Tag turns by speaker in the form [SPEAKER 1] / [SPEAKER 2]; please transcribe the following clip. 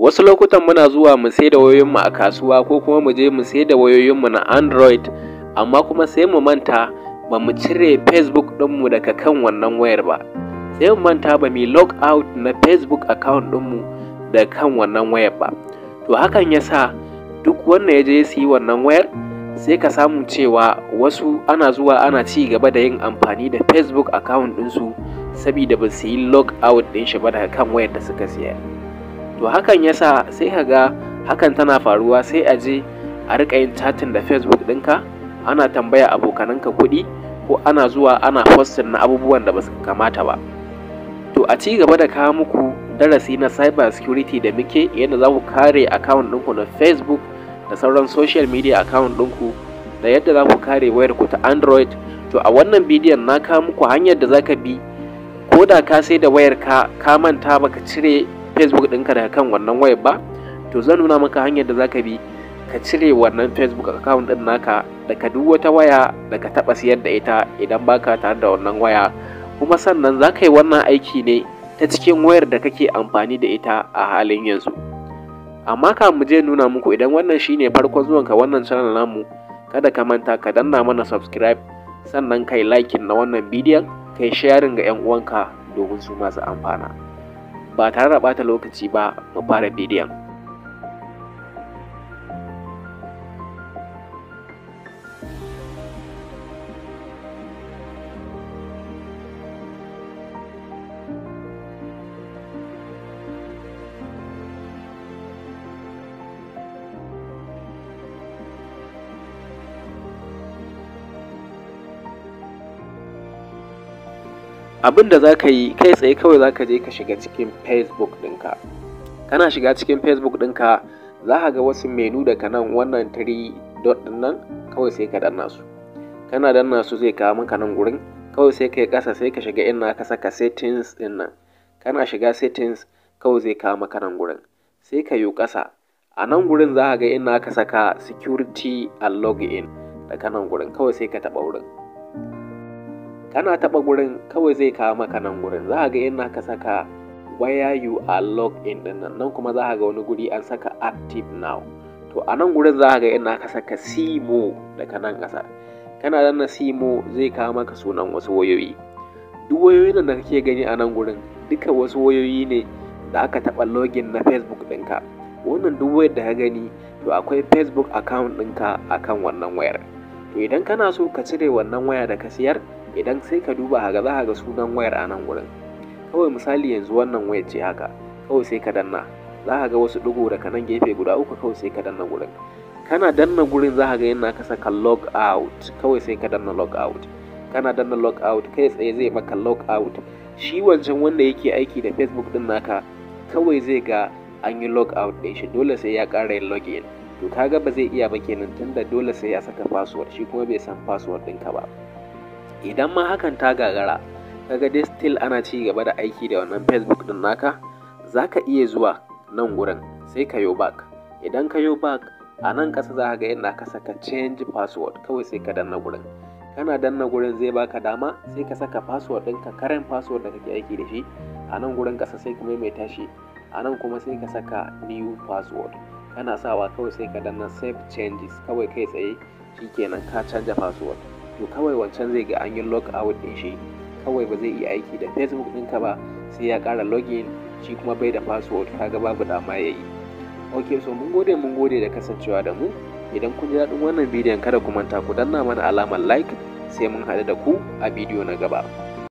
[SPEAKER 1] wasu lokutan muna zuwa mu sai da wayoyinmu a kasuwa ko kuma mu je mu sai da wayoyinmu na android amma kuma sai mu manta ba mu cire facebook ɗinmu daga kan wannan wayar ba sai mu manta ba mu log out na facebook account ɗinmu daga kan wannan wayar ba to hakan ya sa duk wanda ya je su yi wannan wayar sai ka samu cewa wasu ana zuwa ana ci gaba da yin amfani da facebook account ɗinsu sabida ba su yi log out ɗin shi ba daga kan wayar da suka siya. to hakan yasa sai ka ga hakan tana faruwa sai a je a riƙa yin chatting da facebook ɗinka ana tambaya abokananka kuɗi ko ana zuwa ana posting na abubuwan da ba su kamata ba to a ci gaba da kawo muku darasi na cyber security da muke yadda za ku kare account ɗinku na facebook da sauran social media account ɗinku da yadda za ku kare wayarku ta android to a wannan bidiyon na kawo muku hanyar da za ka bi ko da ka sai da wayar ka ka manta baka cire facebook ɗinka daga kan wannan wayar ba to zan nuna maka hanyar da zaka bi ka cire wannan facebook account ɗin naka daga duk wata waya da ka taɓa siyar da ita idan baka tare da wannan waya kuma sannan za ka yi wannan aiki ne ta cikin wayar da kake amfani da ita a halin yanzu amma ka mu je nuna muku idan wannan shine farkon ka wannan channel namu kada ka manta ka danna mana subscribe sannan kai likin na wannan bidiyon kai sharing ga 'yan uwanka domin su masu amfana. ba tare da ɓata lokaci ba mu fara bidiyon abin da za ka yi kai tsaye kawai za ka je ka shiga cikin facebook ɗinka kana shiga cikin facebook ɗinka za ka ga wasu menu daga nan wannan tiri dot ɗin nan kawai sai ka danna su kana danna su zai kawo maka nan gurin kawai sai ka yi ƙasa sai ka shiga inna ka saka settings ɗin nan kana shiga settings kawai zai kawo maka nan gurin sai ka yi ƙasa a nan gurin za ka ga inna ka saka security and login daga nan gurin kawai sai ka taɓa wurin kana taɓa gurin kawai zai kawo maka nan gurin za a ga yin ka saka where you are logged in din nan nan kuma za a ga wani guri an saka active now to a nan gurin za a ga yin ka saka simo daga nan ƙasa kana danna simo zai kawo maka sunan wasu wayoyi duk wayoyin da kake gani a nan gurin duka wasu wayoyi ne da aka taɓa login na facebook ɗinka wannan duk wayar da ka gani to akwai facebook account ɗinka akan wannan wayar to idan kana so ka cire wannan waya da ka siyar idan sai ka duba haga za ga sunan wayar a nan wurin. kawai misali yanzu wannan wayar ce haka kawai sai ka danna za ka ga wasu ɗigo daga nan gefe guda uku kawai sai ka danna gurin kana danna gurin za ka ga yana kasa ka log out kawai sai ka danna log out kana danna log out kai tsaye zai maka log out shi wancan wanda yake aiki da facebook din naka kawai zai ga an yi log out ɗin shi dole sai ya ƙara yin login to kaga ba zai iya ba kenan tunda dole sai a saka password shi kuma bai san password ɗinka ba idan ma hakan ta gagara kaga dai still ana ci gaba da aiki da wannan facebook ɗin naka zaka iya zuwa nan gurin sai ka yo back idan ka yo back a nan ƙasa za ga yadda aka saka change password kawai sai ka danna gurin kana danna gurin zai baka dama sai ka saka password ɗinka karen password da kake aiki da shi a nan gurin ƙasa sai ka maimaita shi a nan kuma sai ka saka new password kana sawa kawai sai ka danna save changes kawai kai tsaye shi kenan ka canja password to kawai wancan zai ga an yi log out din shi kawai ba zai iya aiki da facebook ɗinka ba sai ya kara login shi kuma bai da password kaga babu dama ya yi ok so mun gode mun gode da kasancewa da mu idan kun ji daɗin wannan bidiyon kada ku manta ku danna mana alamar like sai mun haɗu da ku a bidiyo na gaba